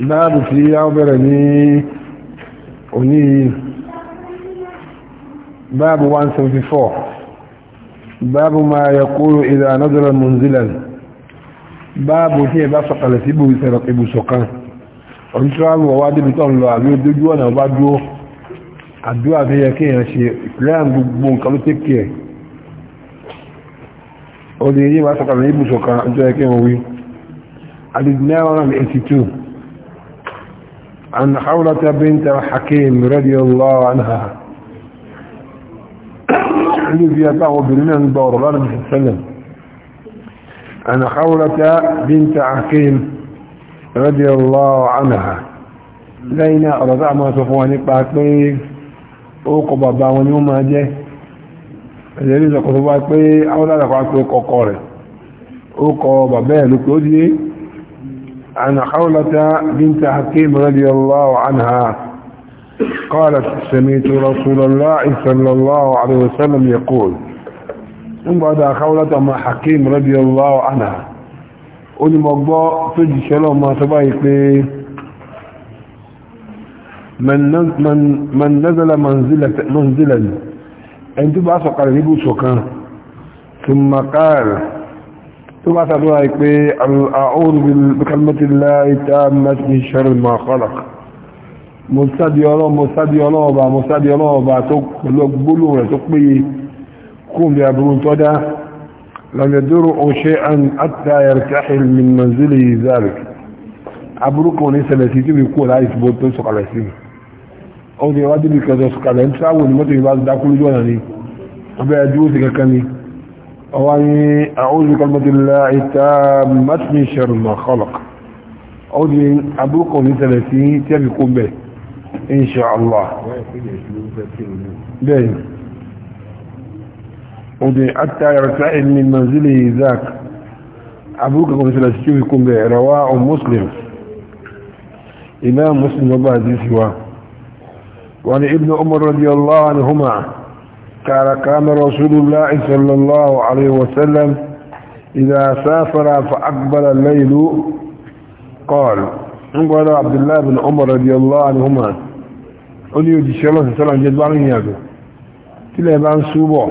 báàbù tí a bẹ̀rẹ̀ ní òní báàbù 174 báàbù ma yẹ kúrò ìdá anọ́dọ̀rọ̀ munzilan báàbù tí ẹ bá sọ̀kalẹ̀ sí ibùsọ̀kan ọ̀rítọ́rọ̀ wọ́wá débi tọ́ lọ àbí ojú ọ̀nà wá dúó àdúrà tó yẹ kí èèyàn ṣe ìpìlẹ̀ gbogbo nǹkan ló tẹ́kì ẹ̀ ó lè yí wá sọ̀kalẹ̀ ibùsọ̀kan ọjọ́ ẹkẹ́ wọn wí 1982 عن حولة بنت الحكيم رضي الله عنها الذي يتعو بالمنبر دور الأرض عن حولة بنت حكيم رضي الله عنها لينا رضع ما صفواني باكي أوقب باوني وما جه الذي يقول باكي أولا لفعك أوقب قوري أوقب بابي عن حولة بنت حكيم رضي الله عنها قالت سميت رسول الله صلى الله عليه وسلم يقول ثم بعد حولة مع حكيم رضي الله عنها قل مقبا تجي شلوم ما تبايك من من من نزل منزلة منزلا انت بقى سقر ثم قال ثم أسألوا أعوذ بكلمة الله تامة من شر ما خلق مستدي الله مستدي الله با مستدي الله با تقبلوا تقبي كون بأبرون تودا لم يدروا شيئا حتى يرتحل من منزله ذلك أبروك ونسى لسيتي بيقول عايز بوتن سوق على سيتي أو دي وادي بكذا سوق على سيتي أول ما تبي بعد دا كل جوانا ني أبي أدوسي ككني واني اعوذ بكلمة الله التامة من شر ما خلق اعوذ ابوكم ابوك من يكون به ان شاء الله باين ودي حتى يرتعد من منزله ذاك ابوك من ثلاثين يكون به رواه مسلم امام مسلم وبعد سواه وعن ابن عمر رضي الله عنهما قال كان رسول الله صلى الله عليه وسلم إذا سافر فأقبل الليل قال قال عبد الله بن عمر رضي الله عنهما قل يجي صلى الله عليه وسلم جد بعضين ياكو كلا يبان سوبو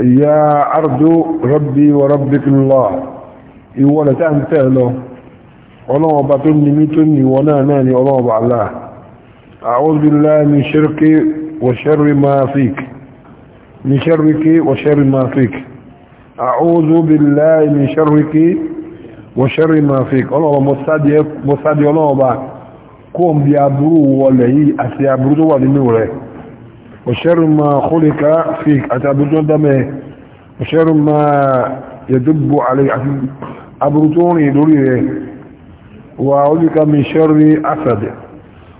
يا أرض ربي وربك الله إيوانا تعمل تهلو ولو بطني ميتني وانا ناني ولو بعلاه أعوذ بالله من شرك وشر ما فيك من شرك وشر ما فيك أعوذ بالله من شرك وشر ما فيك الله مصادي الله با كوم بيابرو ولي أسيابرو ولي نوره وشر ما خلق فيك أتابرو دمه وشر ما يدب عليه أبرتوني دوريه وأعوذك من شر أسده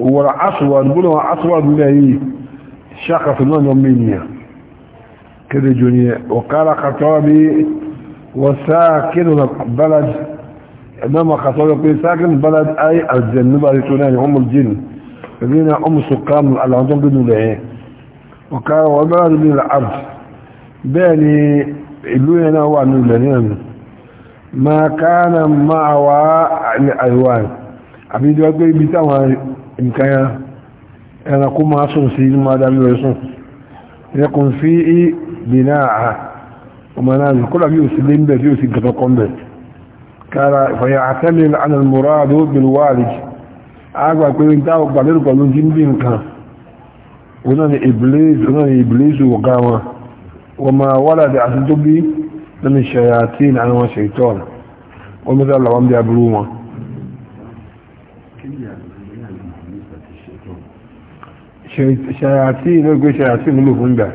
هو الأسود قلوا أسود لي شاق في النوم مني كده جوني وقال خطابي وساكن البلد إنما خطابي يقول ساكن البلد أي الجن بارتوناني هم الجن الذين هم سكان اللي عندهم قدوا له وقال والبلد من الأرض بني اللي هنا هو أنه لنين ما كان معه الأيوان عبيد يقول بيتاوان nǹkan ya ẹranko máa sùn sí inú máa dámi rẹ̀ sùn ẹkùn fi í bìnà àá ọmọ náà ní kọ́lá bí ó sì lé ń bẹ̀ bí ó sì gẹ̀tọ́ kọ́ ń bẹ̀ kára ìfọ̀yà àtẹ́lẹ̀ àna mùràdó bil walid àgbà pé ń dá ọgbà lérò pẹ̀lú jí wọn ni ìbìlẹ́sù wọn náà ni ìbìlẹ́sù ọ̀gá wọn wọn máa wálà dé àti tó bí lẹ́nu ṣẹ̀yà tí ìlànà wọn ṣe ìtọ́ wọn mẹ́ta làwọn bí aburú wọn ṣàyàtí iná gbé ṣàyàtí nílò fún ìgbà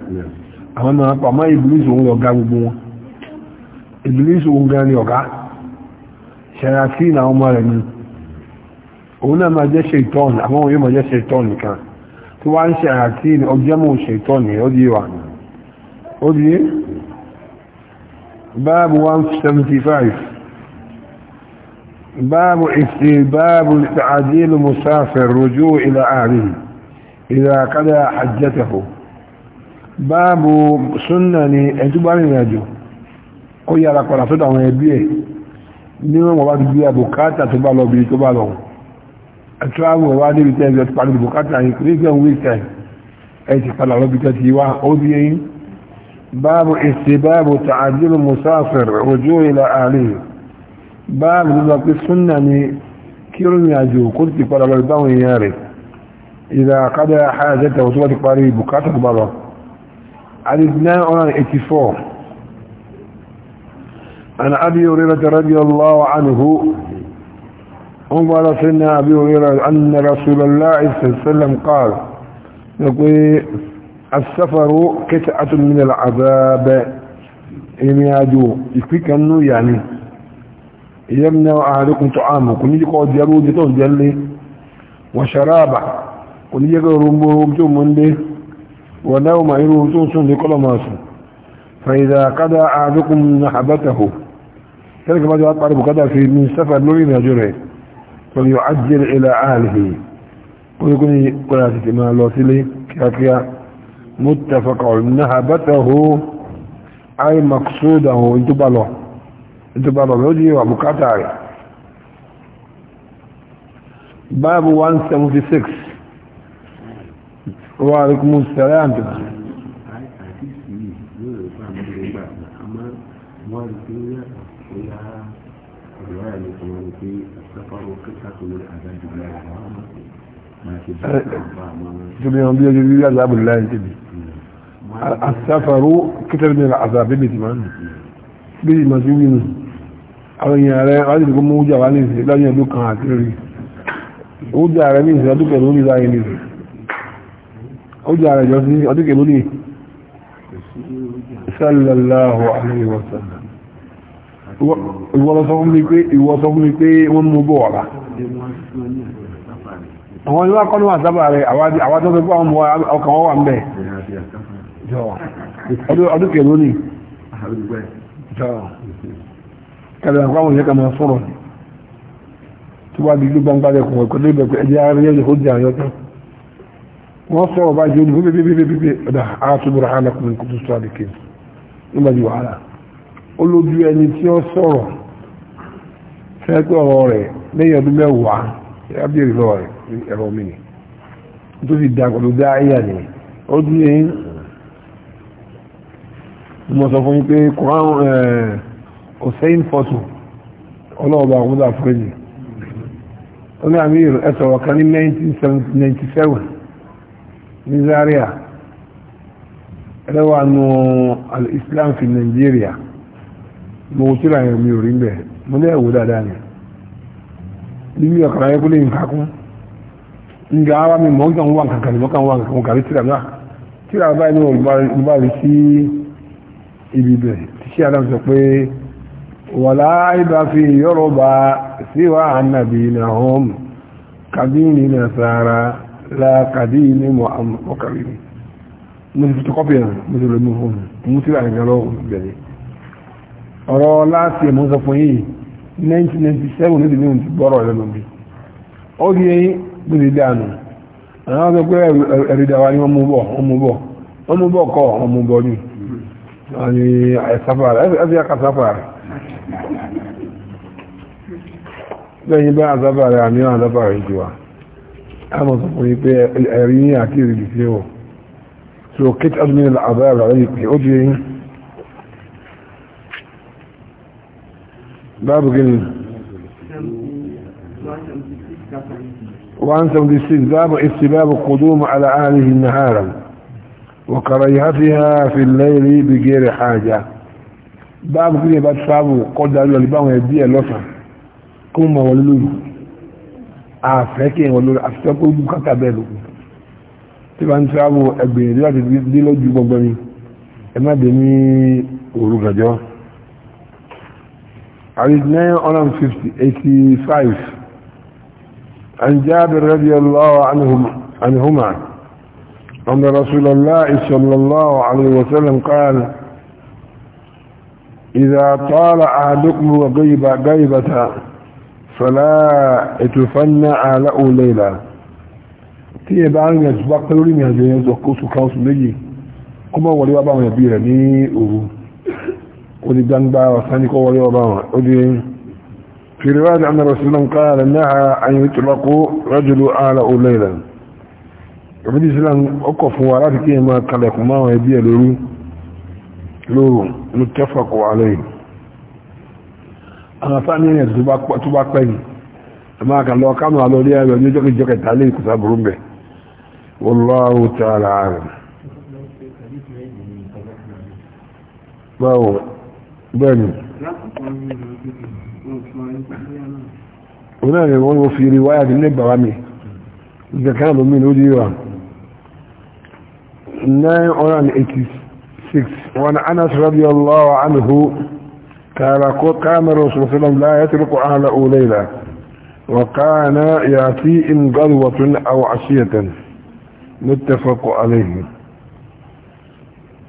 àwọn náà pàmá ìbìlísù òun ọ̀gá gbogbo wọn ìbìlísù òun gan ni ọ̀gá ṣàyàtí ìnà ọmọ rẹ̀ ni òun náà máa jẹ́ ṣètọ́n àwọn òun yóò máa jẹ́ ṣètọ́n nìkan tí wá ń ṣàyàtí ọjọ́mù ṣètọ́n ni ó di wà ó di báàbù 175 báàbù ìsìn báàbù àdílù musafir rujuu ila إذا قضى حجته باب سنن انتبار الرجل قل يا لك ولا صدع ويبيه نيما وبعد بيا بكاتا تبالو بي تبالو أتراب وبعد بيتين بيت بعد بكاتا يكريكا ويكتين أي تقال على بيتاتي وأوذيين باب استباب تعديل المسافر رجوع إلى أهله باب ذلك السنن كيرم يجو قلت قال الله يباوي يارك إذا قضى حاجته وصوت قريب بكاتة بابا عددنا عن الاتفاق عن أبي هريرة رضي الله عنه انظر سنة أبي هريرة أن رسول الله صلى الله عليه وسلم قال يقول السفر قطعة من العذاب يميادو يكفيك أنه يعني يمنع أهلكم طعامكم يجي قد يرود جلي وشرابه kò ní yẹ́gẹ́ orúgbó tí ó mú ń lé wà náà ma irú tó sùn ní kọ́lọ̀ máa sùn fàyíza kádà àdúkùn na àbátàhù kẹ́lẹ̀ kí máa jọ pàdé bùkátà fi ní sáfà lórí ìrìnàjò rẹ̀ tó yọ ajé ilẹ̀ àhàlì kó ní kó ní kọ́lá ti máa lọ sílé kíákíá muttafaqo na àbátàhù ay maqsudahu ìtúbalọ̀ ìtúbalọ̀ ló di wà bùkátà rẹ̀ báàbù 176 wa alaikum salaam àǹtí. جميعا بيا جميعا عذاب الله يجب السفر كتر من العذاب بيتي من بيتي مزيوين àwọn èèyàn rẹ̀ láti kó mú ojú àwọn àníṣe lọ́yìn ọdún kan àti rí ojú ààrẹ ní ìṣẹ́lẹ́dúkẹ̀ lórí láyé nìṣẹ́ ojú ara ìjọ sí ọdún kèlú ní sallallahu alayhi wa sallam ìwọ́sọ fún mi pé ìwọ́sọ fún mi pé wọ́n mú bọ̀ wà àwọn ìwọ́ akọ́nù àtàbà rẹ̀ àwọn tó fẹ́ fún ọkàn wọ́n wà ń bẹ̀ ọdún kèlú ní kẹlẹ̀ àwọn ìyẹ́kà tí wọ́n di gbígbàǹgbà rẹ̀ kùn ẹ̀kọ́ tó ibẹ̀ ẹ̀jẹ̀ ààrẹ yẹ́ وصلوا بعد يقول بي بي بي بي بي ده عاطوا برهانكم من كنتم صادقين وما دي وعلا قل له دي يعني تي وصلوا فاتوا غوري لن يدمي وعا يبدي الغوري الروميني انتو في الدعاء قلوا داعي يعني قلوا mo sọ fún pé Quran hussein fọ́tò ọlọ́ọ̀bà ọmọdé àfúrẹ́jì ó ní àmì ẹ̀sọ̀rọ̀ kan ní 1997 nigeria Zaria ẹlẹ́wà nù al-Islam fi Nigeria mo wò síra yẹn mi ò rí ń bẹ̀ mo ní ẹ̀wò dáadáa ni níbi ọ̀kàrà yẹn kó lè nǹkan kún nga ara mi mọ̀ ń kàn wà kankan ni mọ̀ kàn wà kankan mo kàrí síra náà ah, síra báyìí ní olùbá rí sí ibi bẹ̀ tí sí adam sọ pé wàlá ibà fi yọrọ bá síwá ànàbì nà hóm kàbí ní nà sára لا قديم وقريب mo ti fotokọ́pì ẹ̀rọ mo ti rẹ̀ mú fóònù mú láti ẹ̀mọ́ yìí 1997 ní ti di ní ọmọ bọ̀ ọmọ bọ̀ ọmọ bọ̀ kọ́ ọmọ bọ̀ ni àni àìsàfàrà ẹ̀fẹ́ àkàsàfàrà أما صفوه الآرية عكير اللي فيه سو كت أدمن العذاب عليك لأجيه باب قل 176 باب استباب القدوم على أهله نهارا وكريهتها في الليل بغير حاجة باب قل يبقى تفابه قد قال لبقى يديه اللوصة كما وللوه àfẹ́ kí èèyàn lórí àfẹ́ kó ju kàkà bẹ́ẹ̀ lókun tí bá ń tíráwò ẹgbẹ̀rún láti dé lójú gbọgbọ́n ni ẹ má dé ní òru gàjọ́ àrídì nine hundred and fifty eighty five عن جابر رضي الله عنهما أن رسول الله صلى الله عليه وسلم قال إذا طال أحدكم وغيب فلا اتفنع له ليلة tí ẹ bá ń rìn àtúbá pẹ́ lórí ìrìnàjò yẹn sọ kó sùn káwọ́sù méjì kó mọ̀ wọlé wá bá wọn ẹ̀bí rẹ̀ ní òru ó di gbangba ọ̀sán ní kó wọlé wá bá wọn ó di fèrè wá ní àmàrà sílẹ̀ ń kára náà àyìn tó bá kó rájòló ara ó lẹ́yìnlá òbídì sílẹ̀ ó kọ̀ fún wa láti kí ẹ máa kalẹ̀kùn máwọn ẹbí ẹ̀ lóru lóru ló tẹ́fà kó alẹ́ yìí àwọn fámìlì ẹ̀ tó bá pẹ́ yìí ẹ̀ máa kàn lọ kánú alọ́lé ẹ̀rọ ní ọjọ́ kejì kẹta lè kùsà burú mbẹ̀ wallahu ta'ala alam báwo bẹ́ẹ̀ni onáà ni wọ́n fi rí wáyà nílé bàbá mi كان كان الرسول صلى الله عليه وسلم لا يترك أهله ليلة وكان يأتي إن غدوة أو عشية نتفق عليه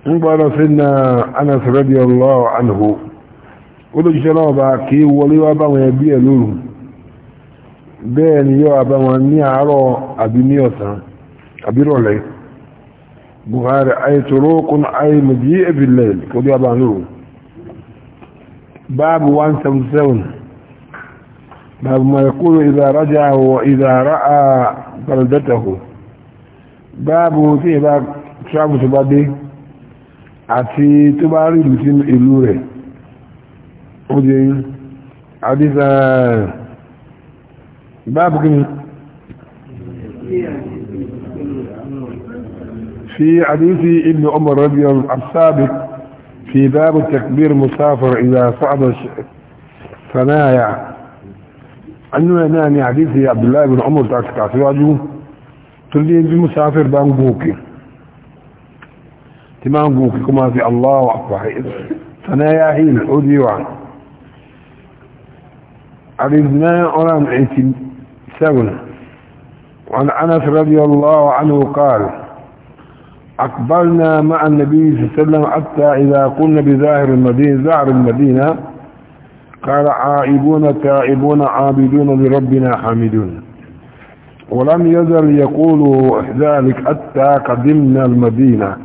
انظر سيدنا أنس رضي الله عنه قل شرابا كي ولي وابا ويبي لوله بين يوابا واني عرو أبي ميوسا أبي رولي بخاري أي طرق أي مجيء بالليل قل يابا باب 177 باب ما يقول إذا رجع وإذا رأى بلدته باب فيه باب شعب تبادي àti tó bá rí ìlú sínú ìlú rẹ̀ ó jẹ́ yìí àdísà báàbù kí ni fi àdísì ibn Umar radiyallahu anhu as-sabiq في باب التكبير مسافر إذا صعد فنايع أنه ناني يعني حديثي عبد الله بن عمر تأكد عسواجه تلين بمسافر بانقوكي تمانقوكي كما في الله أكبر فنايع حين حودي وعن عرضنا أرام عيتي سونا وعن أنس رضي الله عنه قال أقبلنا مع النبي صلى الله عليه وسلم حتى إذا قلنا بظاهر المدينة ظاهر المدينة قال عائبون تائبون عابدون لربنا حامدون ولم يزل يقول ذلك حتى قدمنا المدينة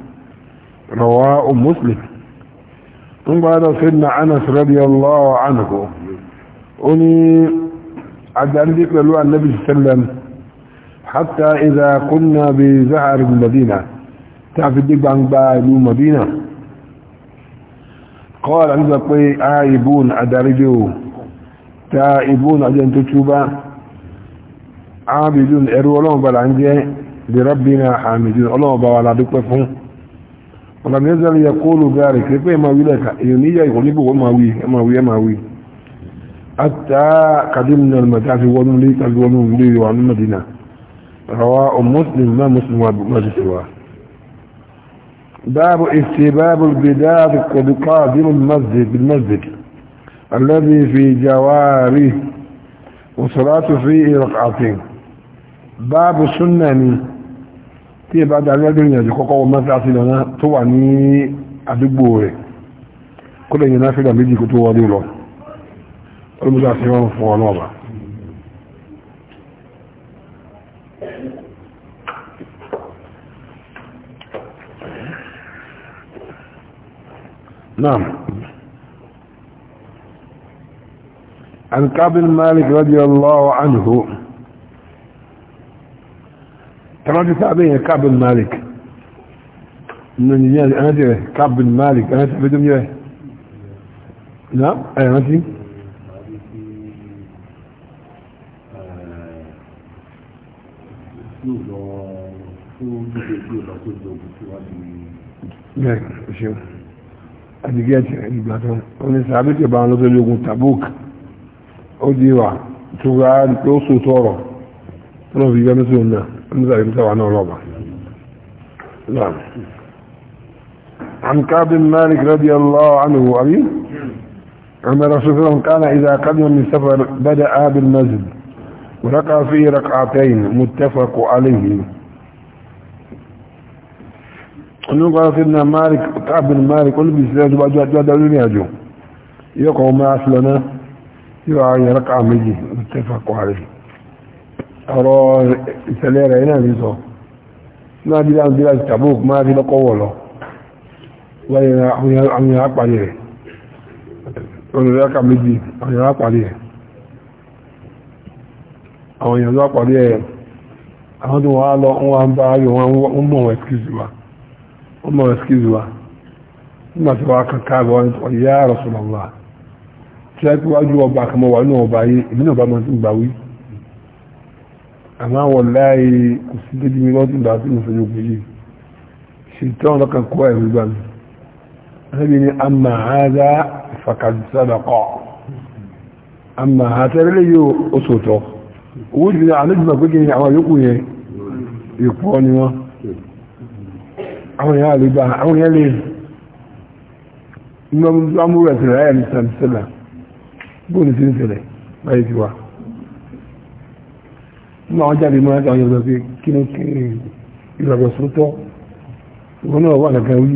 رواء مسلم ثم بعد سيدنا أنس رضي الله عنه أني عد أن ذكر النبي صلى الله عليه وسلم حتى إذا قلنا بزهر المدينة tàbí dé gbangba ìlú Madina kọ́ọ̀lá nígbà pé a ìbùn àdáríjò ta ìbùn àjẹ́ tó túbá ábìdún ẹ̀rù ọlọ́ọ̀bà là ń jẹ́ lè rabbina àmìdún ọlọ́ọ̀bà wà ládúpẹ́ fún ọ̀làmẹ́sàrí ya kóòlù gáàrí kí pé ma wí ìkòlíbò wọ́n ma wí باب استباب البداية بقادم المسجد بالمسجد الذي في جواره وصلاة فيه ركعتين باب السنن tí ẹ bá darí ẹgbẹ̀rin àjò kọ́kọ́ wọ mẹ́sàásí lọ́nà tó wà ní àdúgbò rẹ̀ kó lè yẹn náfíìlà méjì kó tó wọlé lọ olùmúdà sí wọn fún ọ náà bá نعم عن كعب مالك رضي الله عنه تراجع ثابين كعب مالك من انا أنت كعب مالك أنت بدم جاه نعم أنا نسي Yeah, sure. àdìgẹ́tì ìgbà tó ní sàbí ti bá wọn lọ́sọ̀lẹ̀ ogun Tabuk ó di wà tura ló so tọrọ tó lọ́ fi yọ ní sọ̀rọ̀ náà ní sàbí ti wà náà lọ́ba. عن كعب بن مالك رضي الله عنه أبي أن رسول الله كان إذا قدم من سفر بدأ بالمسجد ورقى فيه ركعتين متفق عليه ní kọ́ sí na malik káàbìn malik olùbí ba tó bá jọ àjọ adarí ní àjò yóò kọ́ máa sílọ a yóò àwọn yàrá káà méjì ló tẹ́fà kọ́ rẹ̀ ọ̀rọ̀ ìṣẹ̀lẹ̀ rẹ̀ náà ní sọ náà bí láti bí láti ya excuse wa. ọ excuse wa nígbà tí wọn tó yá Rasulullah tí a kíwájú ọba bayi wà nínú ọba yìí èmi náà bá máa ti gbà wí àmọ́ àwọn láì kò sí débi mi lọ́dún ìgbà tí mo ni amma hadha faqad sadaqa amma àtẹ́rẹ́lẹ́ yóò àwọn èèyàn lè bá àwọn èèyàn lè inú amúrú ẹ̀sìn rẹ̀ ayẹ̀ nìsan sílẹ̀ bóò ní sí ń ṣẹlẹ̀ báyìí ti wá nínú àwọn jáde mọ́ láti àwọn yorùbá pé kí ní kí ìrọ̀rọ̀ sótọ́ ìwọ́n náà wà nìkan wí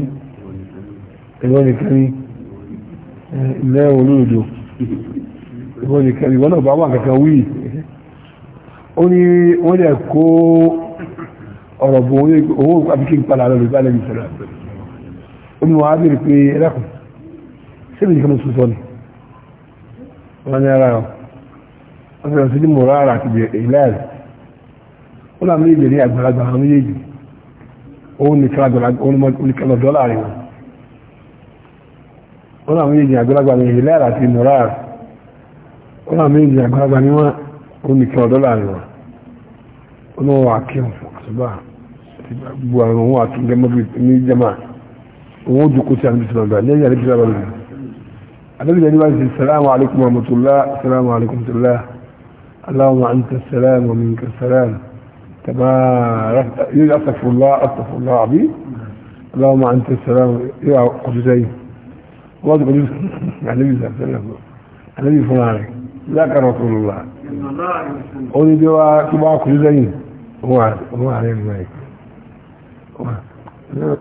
ẹ̀rọ nìkan ní ilẹ̀ olóòdò ìwọ́n nìkan ìwọ́n náà bá wà nìkan wí ó ní wọ́n dẹ̀ kó Ọrọ bụ owó àbíkí ń padà lọ lórí alẹ́ ìṣẹ̀lẹ̀ omi wọn á bèèrè pé ẹlẹ́kùn ara ọ wọn fẹ́ràn sí ní ati rárá àti ìlẹ́ẹ̀lì wọn làwọn méjèèjì ní àgbàlagbà àwọn méjèèjì òun àtúbà gbogbo àwọn ohun àtúndẹ́mọ́ ni jama òun ó dúkú sí àwọn ìbísí bàbá lẹ́yìn àdébísí bàbá lòdì àdébísí bàbá lòdì sàlámù alaykum wa rahmatullah sàlámù alaykum wa rahmatullah allahumma anta salam wa minka salam تبارك يقول أستغفر الله أستغفر الله عبيد اللهم أنت السلام يا قدسي الله قدس النبي صلى الله عليه وسلم النبي فلانك ذاك رسول الله قولي دواء تبع قدسين هو عليه الملك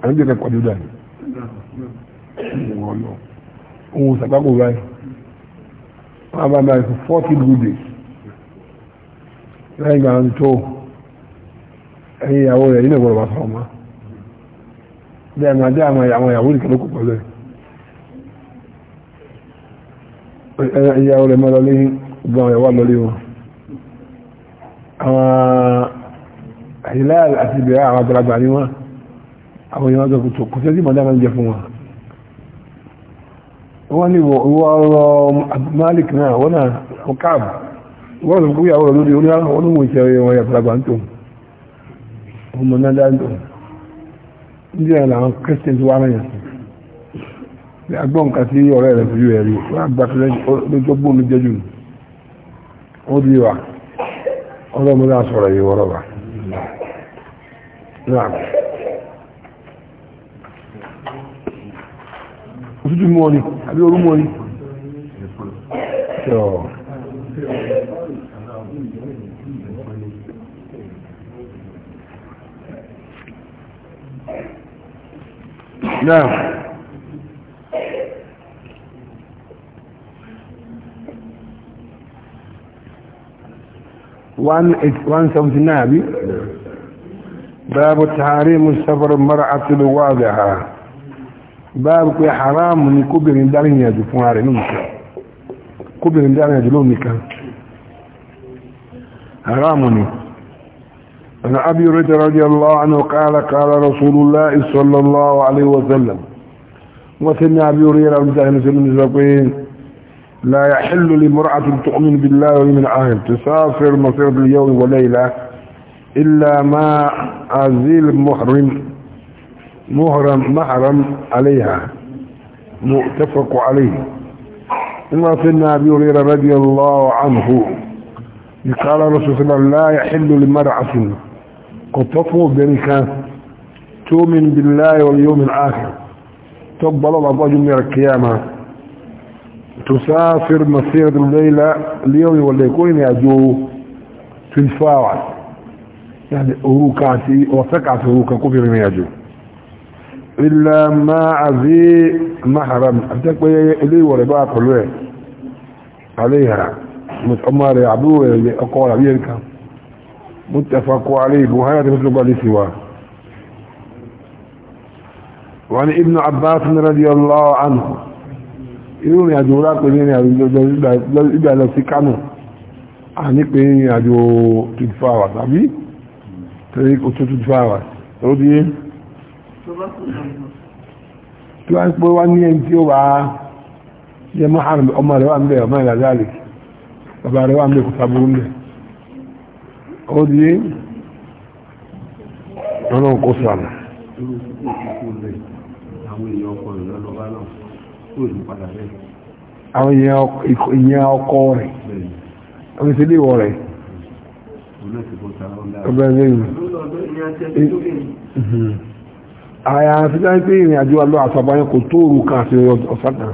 عندنا قد يداني òun sàgbàgbò báyìí wọ́n bá báyìí fún forty good days lẹ́yìn ìgbà àwọn tó ẹ̀yìn ìyàwó rẹ̀ nínú ìgbọ̀rọ̀ bá sọ̀rọ̀ mọ́ bí ẹ̀mà dé àwọn àwọn ìyàwó nìkan ló kù pẹ̀lú ẹ̀ ìyàwó rẹ̀ mọ́ lọlé gbogbo àwọn ìyàwó àlọ́lé wọn hilal àti ìbẹ̀rẹ̀ àwọn àgbàlagbà ni wọ́n àwọn èèyàn ọjọ́ kòtò kò tẹ́sí mọ̀dá máa ń jẹ fún wọn wọ́n ní ìwọ ọ̀rọ̀ malik náà wọ́n náà káàbù wọ́n lọ fún ìyàwó lórí oníhàrá wọn lóhun ìṣẹ́ wọn àgbàlagbà ń tòun ọmọ náà dá ní ìyàwó làwọn christians wà yẹn agbọ́n sí ọ̀rẹ́ rẹ̀ fojú rẹ̀ rí wọ́n àgbà wa yìí wọ́rọ̀ wa نعم وتجي موني ابي اورو موني نعم 179 أبي باب تحريم سفر المرأة الواضحة باب كي حرام ni kóbìnrin dárin ìyàjò fún ààrẹ lónìkan kóbìnrin dárin ìyàjò lónìkan حرام ni أنا أبي رجل رضي الله عنه قال قال رسول الله صلى الله عليه وسلم وسمع أبي رجل رضي الله عنه لا يحل لمرأة تؤمن بالله واليوم الآخر تسافر مصير اليوم وليلة إلا ما أزيل محرم محرم محرم عليها مؤتفق عليه إما سيدنا أبي هريرة رضي الله عنه قال رسول الله لا يحل لمرأة قطفوا بركة تؤمن بالله واليوم الآخر تقبل الله جميع القيامة تسافر مسيرة الليلة اليوم والليكون يعجو في الفاوع يعني أروكاتي وثقعت أروكا كفر من يعجو إلا ما عزي محرم أتكوى إلي ورباء قلوه عليها متعمار يعبوه أقوال عبيرك متفق عليه وهذا تفضل بالي سواه وعن ابن عباس رضي الله عنه irú ìrìn àjò wọ́n pè ní ìrìn àjò lọ́jọ́ ìgbà lọ sí Kánò à ní pé ìrìn àjò 24 hours tàbí 24 hours tó díye tí wọ́n pè wá ní ẹni tí ó wà jẹ́ mọ́hàrùn ọmọ rẹ̀ wà ń bẹ̀ ọmọ ìlàjá rẹ̀ bàbá rẹ̀ wà ń bẹ̀ kò sábúrú ó ọlọ́run àwọn èèyàn ọkọ rẹ̀ àwọn ìṣẹ́lẹ̀ ìwọ̀ rẹ̀ ọbẹ̀ lẹ́yìn àyà àfíjá ń pé ìrìn àjò alọ́ àtàbáyán kò tó òru kan àti ọ̀sánà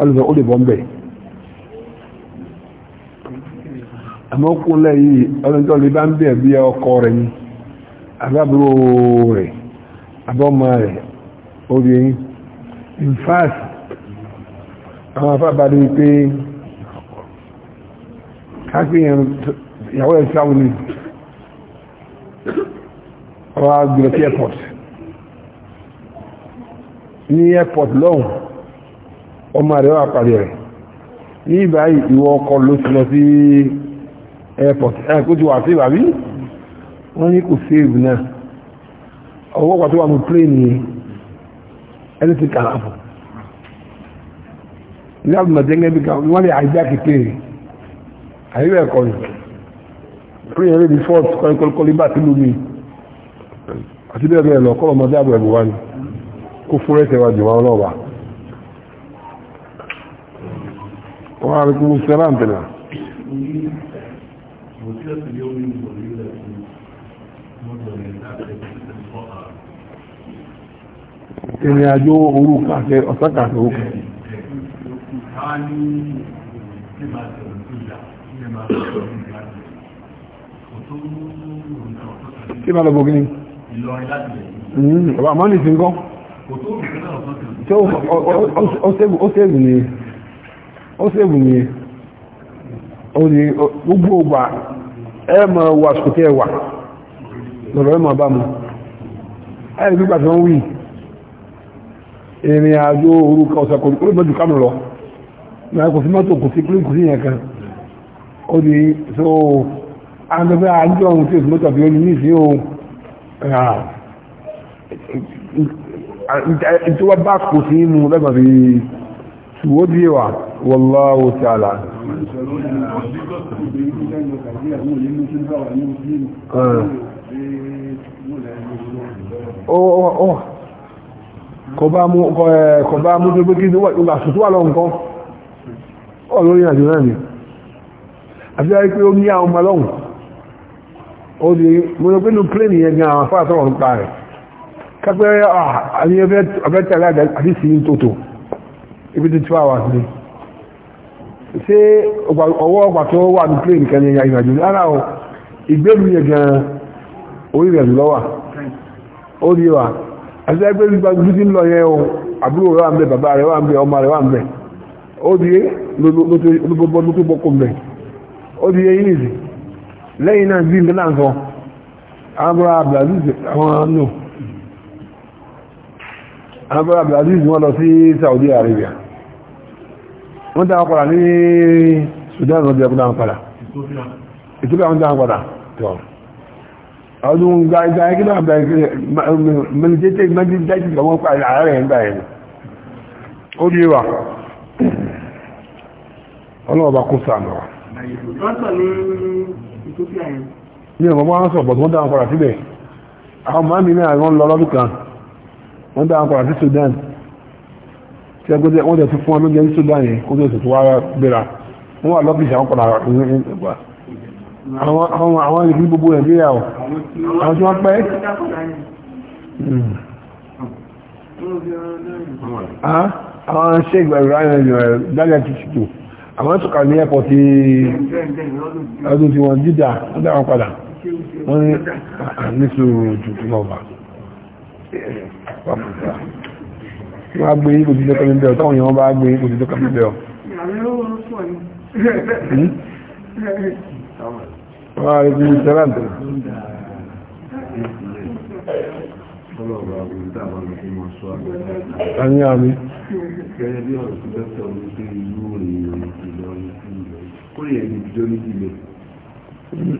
ọlùfẹ́ ó lè bọ́ ń bẹ̀ àmọ́ kúnlẹ̀ yìí ọlọ́jọ́ lè bá ń bẹ̀ bí ọkọ rẹ̀ rẹ̀ rẹ̀ àwọn afábàdé wípé káàkiri ìyàwó ẹ̀ sáwọn ní ọwá gbìyànjú sí airport ní airport lọ́hùn ọmọ rẹ̀ wà pàdé rẹ̀ ní ìbáyìí ìwọ ọkọ̀ ló ti lọ sí airport ẹ̀kú ti wà sí ìbàbí wọ́n ní kò save náà ọwọ́ pàtó wà ní plane ẹni ti kàlàfù ní àbùmọ̀jẹ́gẹ́ bí kan wọ́n lè àìjá kékeré àríwẹ̀ ẹ̀kọ́ ni pínyẹ̀ lè di fọ́ọ̀tù kọ́líkọ́lí bá ti lómi àti bẹ́ẹ̀ bẹ́ẹ̀ lọ kọ́ ọmọdé àbọ̀ ẹ̀bù wa ni kó fún ẹsẹ̀ wa jùwọ́ ọlọ́wà wọ́n á rí kí mo sẹ́rà ń tẹ̀lé ìrìn àjò orúkà ọ̀sánkà àti orúkà ní nígbà tẹ̀lé tó yà nígbà tẹ̀lé nígbà tẹ̀lé kò tó nǹkan tó tẹ̀lé. kí máa lọ bọ̀gí ni. Ìlọrin láti lẹ̀. ọba hmm, àmọ́ nìsín kọ́. kò tó nǹkan náà tó tẹ̀lé. tó ó ṣègùn ni ó ṣègùn ni ó ní gbogbo ògbà ẹ máa wà sùkútẹ́ wà lọ́rọ̀ ẹ bá mu ẹ gbígbà tí wọ́n wí ìrìn àjò orúkọ ọ̀sẹ̀ kò ní kó láì kò sí mọ́tò kò sí kúrò kúrò yẹn kan ó di so àgbẹ̀bẹ̀ àjọ ohun tí ó sì mọ́tò bí ó ní sí o tí wọ́n bá kò sí mú lẹ́gbà bí ṣùgbọ́ bí wà wallahu ta'ala kọ̀bá mú tó gbé kí wà ṣùtúwà lọ nǹkan olórí àjò náà ni àti láyé pé ó ní àwọn ọmọ lọ́hùn ó di mọ́nà pínú pléènì yẹn gan àwọn afáàtọ̀ ọ̀rùn pa rẹ̀ kápẹ́ àníyàn fẹ́ tẹ̀lé àti sí ní tòtò ibi tí 2 hours ni ṣe ọwọ́ ọgbà tó wà lọ́wà ó rí wa àti ẹgbẹ́ gbígbà gbígbà lọ yẹn o àbúrò rẹ̀ wà ń bẹ bàbá rẹ̀ wà ń bẹ ọmọ rẹ̀ wà ń bẹ o di yé ló tó bọ́kọ̀ mẹ́ di yé yìí nìyí lẹ́yìn náà bí nǹkan náà Saudi Arabia wọ́n dáwọn padà Sudan lọ́dí ẹkùn dáwọn padà Ethiopia wọ́n dáwọn padà tọ́ ọdún gbáyé kí náà bẹ̀rẹ̀ mẹ́lìtẹ́tẹ́ mẹ́lìtẹ́tẹ́ ìgbàmọ́ pàdé àárẹ̀ ń báyẹ̀ ọlọ́ọ̀bá kó sàánà wa ní ọmọ wọn sọ bọ̀tún wọ́n dáwọn padà síbẹ̀ àwọn máa mi náà wọ́n lọ lọ́dún kan wọ́n dáwọn padà sí Sudan tí a gbọ́dẹ̀ wọ́n dẹ̀ ti fún wọn lóúnjẹ Sudan yẹn kó tó tó wá gbéra wọ́n wà lọ́bìsì àwọn padà ìgbà àwọn ìlú gbogbo Nàìjíríà ọ̀ àwọn tí wọ́n pẹ́ hmm. àwọn ṣe ìgbà ìrọ̀ ayọ̀ ìrọ̀ ìdájọ́ ti àwọn tó kà ní ẹ̀pọ̀ tí ọdún tí wọ́n dídà ó dáwọn padà wọ́n ní àníṣòro tuntun ọba pàpùpà tí wọ́n gbé ipò títọ́ kẹ́mí bẹ́ẹ̀ táwọn èèyàn bá gbé ipò títọ́ kẹ́mí bẹ́ẹ̀ wọ́n á rí bí bí ọ̀rọ̀ tó dẹ́kọ̀ ní pé ìlú rèé kó yẹ ní ìjọ ní ìlé.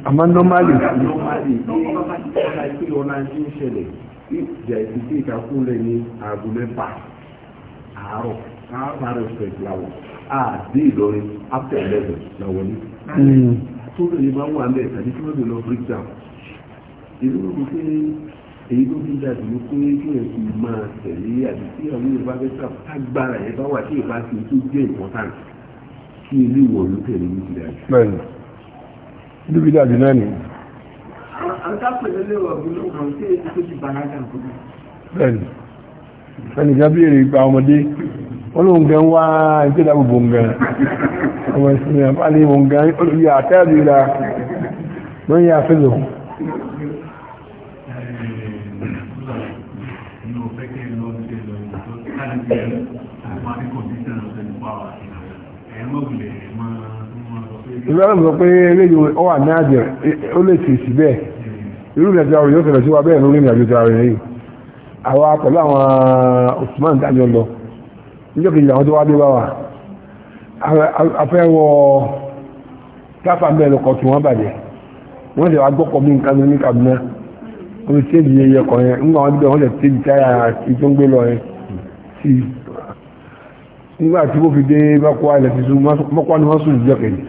àmọ́ nọ́málì. nọ́málì ní ọ̀la ìpè ọ̀la tí ń ṣẹlẹ̀ ìjà ìdíje ìkàkúnlẹ̀ ní aago mẹ́fà àárọ̀ káàárọ̀ fẹ̀ẹ́ làwọ̀ àdé ìlọrin after eleven làwọ̀ ní. Hmm. tó lè ní máa wà ń bẹ̀ tàbí kí wọ́n lè lọ break down. ìlú mi pé èyí tó fi dàbí ní pé kí ẹ fi máa tẹ̀lé àbí tí àwọn Yorùbá fẹ́ sàgbára ẹ bá wà tí ìbá ti tó jẹ́ ìpọ́tàǹtì tí ilé ìwọ̀ ló tẹ̀lé ní ìdílé àjò. bẹ́ẹ̀ni níbi ìdílé àjò náà ni. bẹ́ẹ̀ni ẹnì kan béèrè ipa ọmọdé olóhùn gan wá ẹgbẹ́ ìdábòbò gan ọmọ ìsinmi àpáàlẹ́ ìwọ̀n gan olùyà àtẹ́rù ìlà ìgbàlódé sọ pé eléyìí ó wà ní àjẹ ó lè sì sí bẹ́ẹ̀ irú ìrìnàjò àwọn yóò tẹ̀lé sí wa bẹ́ẹ̀ lórí ìrìnàjò ara yìí àwọn pẹ̀lú àwọn Usman dájọ lọ níjọ́ àwọn tó wá dé bá afẹ́ wọ tí wọ́n bàjẹ́ wọ́n wá gbọ́kọ̀ bí nǹkan ní Kaduna wọ́n ti kọ̀ yẹn nígbà wọ́n ti táyà ń nígbà tí ó fi dé mọ́kọ́ ilẹ̀ ti sún mọ́kọ́ ni wọ́n sùn jẹ́ kẹ́yìn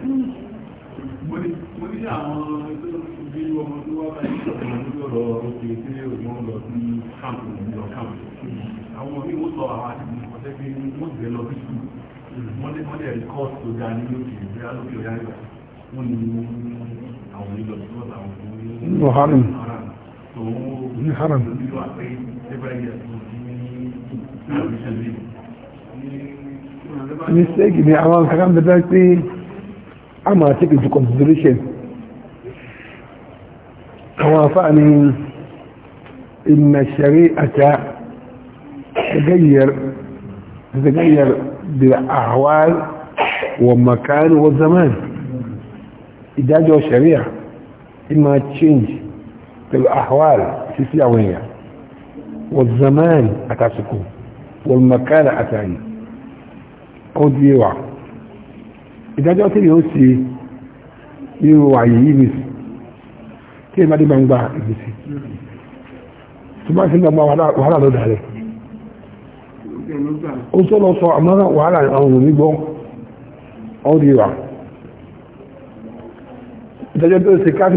Muharram. Muharram. Muharram. mistake ni àwọn kankan bẹ̀rẹ̀ pé a máa take into consideration àwọn afáà ni ìnà ṣẹ̀rí àtà tagayyar bil ahwal wa makan wa zaman ìdájọ́ ṣẹ̀ríà ìmá change pẹ̀lú ahwal sí sí àwọn èèyàn wa zaman àtàsìkò wa makan àtàyè ó di na ìdájọ́ tí yóò ṣe irú àyè yìí nìsí kí ìbá dé gbangba ìgbésí tó bá ń fi gbangba rẹ̀ ó tó lọ sọ àmọ́ wàhálà àwọn òní gbọ́ ó di ìdájọ́ tó kan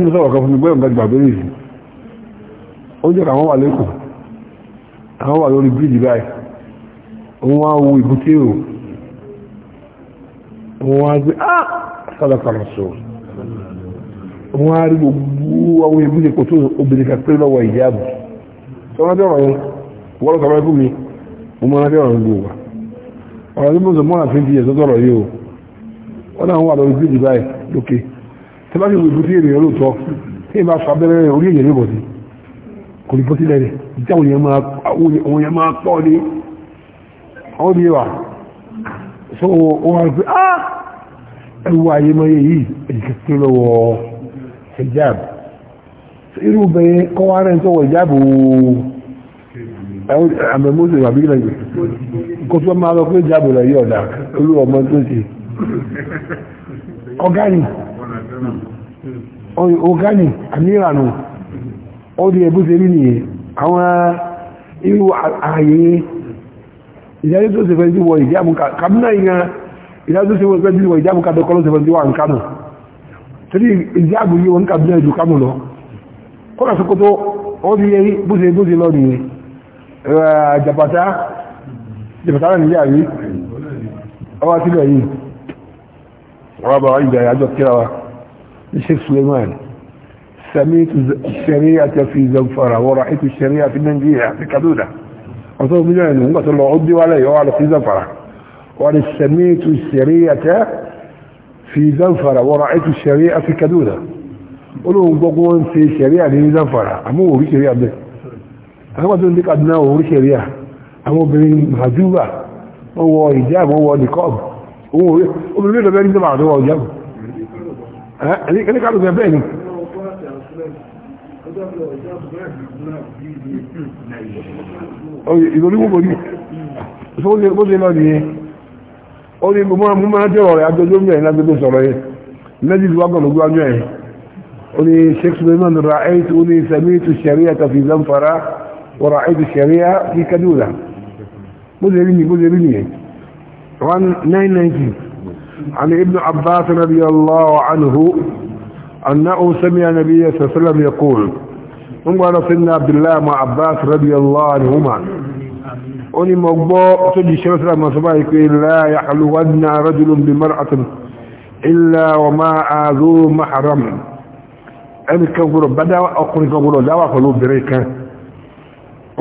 fún gbọ́ wọ́n á gbé ah sadaqa rasul wọ́n á rí gbogbo àwọn ìbúlé kò tó obìnrin kan pé lọ́wọ́ ìjáàbù sọ́nà bí ọ̀rọ̀ yẹn wọ́n lọ́kọ̀ báyìí fún mi mo mọ́ bí ọ̀rọ̀ gbogbo wa ọ̀rọ̀ tí mo sọ mọ́ra fi ń fi ẹ̀sọ́ sọ̀rọ̀ yìí o wọ́n náà wà lórí bíjì báyìí lókè tí bá ti wù ìbú sí ènìyàn lóòótọ́ tí ì bá sọ abẹ́rẹ́ orí èyàn ní bọ̀dí kò ní bọ́ sílẹ̀ rẹ̀ ìjà òun yẹn máa pọ̀ ní àwọn ibi wà so wọ́n fi á ah, ẹwọ ayé mọ́ yìí èyíkẹ́ lọ́wọ́ hijab irú bẹ́ẹ̀ kọ́ rẹ̀ hijab tó máa lọ pé hijab rẹ̀ yí ọ̀dà olú ọmọ tó ṣe ọgáni ọgáni ó di àwọn irú ààyè ìdájọ́ tó ṣe fẹ́ sí wọ ìjáàmù kàmínà ìran ìdájọ́ tó ṣe fẹ́ sí wọ ìjáàmù kàdọ́kọ́ ló ṣe fẹ́ sí wà ń kánù torí ìjáàmù yíò ń kàmínà ìjù kámù lọ kọ́nà Sókótó ó ti yẹrí bó ṣe bó ṣe lọ nìyẹn jàpátá jàpátá náà wa ní Sheikh Suleiman ọ̀tọ́ mílíọ̀nù ẹ̀nù nígbà tó lọ ó dé wálẹ̀ yọ wà lọ sí Zamfara wà ní sami'tu shari'ata fi Zamfara wa ra'aytu shari'a fi Kaduna olóhùn gbogbo wọn ṣe ṣẹ̀ríà ní Zamfara àmọ́ òrí ṣẹ̀ríà bẹ́ẹ̀ àwọn tó ń dé Kaduna òrí ṣẹ̀ríà àwọn obìnrin mahajuba wọ́n wọ ìjáàb wọ́n wọ nìkọ́ọ̀bù obìnrin lọ bẹ́ẹ̀ ìlórígbògbò ní ó ṣe lọ nìyẹn ó ní mo máa mú máa jẹ́rọ̀ rẹ̀ ajọ́jọ́ mẹ́rin lágbẹ́gbẹ́ sọ̀rọ̀ yẹn lẹ́jì tí wákọ̀ lógún ajọ́ yẹn ó ní sheikh suleiman ra'ayt ó ní sami'tu sharia عن ابن عباس رضي الله عنه أنه سمع النبي صلى الله عليه وسلم يقول ń wọ́n fi ní abdullahi ma abbas radiyallahu anhuma ó ní mọ̀ gbọ́ tó jí ṣẹ́rọ̀ sílá masu báyìí pé láyé alúwádìí rajulun bí mar'atun illa wa máa zo maharam ẹni kan gbọ́rọ̀ bá dáwà ọkùnrin kan gbọ́rọ̀ dáwà pẹ̀lú obìnrin kan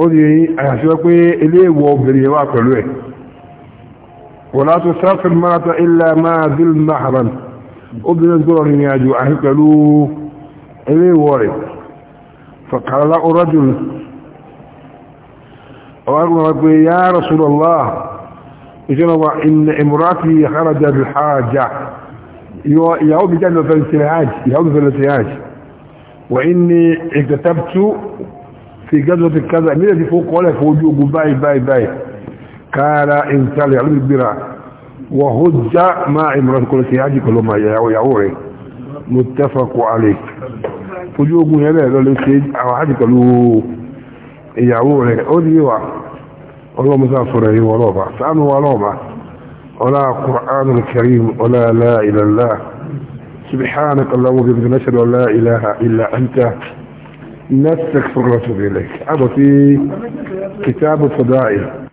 ó ní àyàṣíwá pé iléèwọ̀ obìnrin wà pẹ̀lú ẹ̀ wọ́n látò sáfẹ́ mar'atun illa máa zil maharam obìnrin gbọ́rọ̀ rìnrìn àjò àti pẹ̀lú iléèwọ̀ rẹ̀ فقال له رجل وقال يا رسول الله وجنوا إن امرأتي خرج بالحاجة يعود بجنة في الانتهاج يعود في الانتهاج وإني اكتتبت في قدرة كذا مين فوق ولا في وجوه باي باي باي قال انسان يعلم البراء وهج ما امرات كل انتهاج كل ما يعوري متفق عليك ojú ogun yẹn bẹ̀rẹ̀ lọ lè ṣe àwọn àti pẹ̀lú ìyàwó rẹ̀ ó ní wà ọlọ́mọsá sọ̀rọ̀ yìí wọ́n lọ́ọ̀bá sánú wa lọ́ọ̀bá ọlá kùránù karim ọlá aláìlàlá subhanaka allahumma bi nashhadu an la ilaha illa anta nastaghfiruka wa natubu ilayk abo fi kitab al-fadail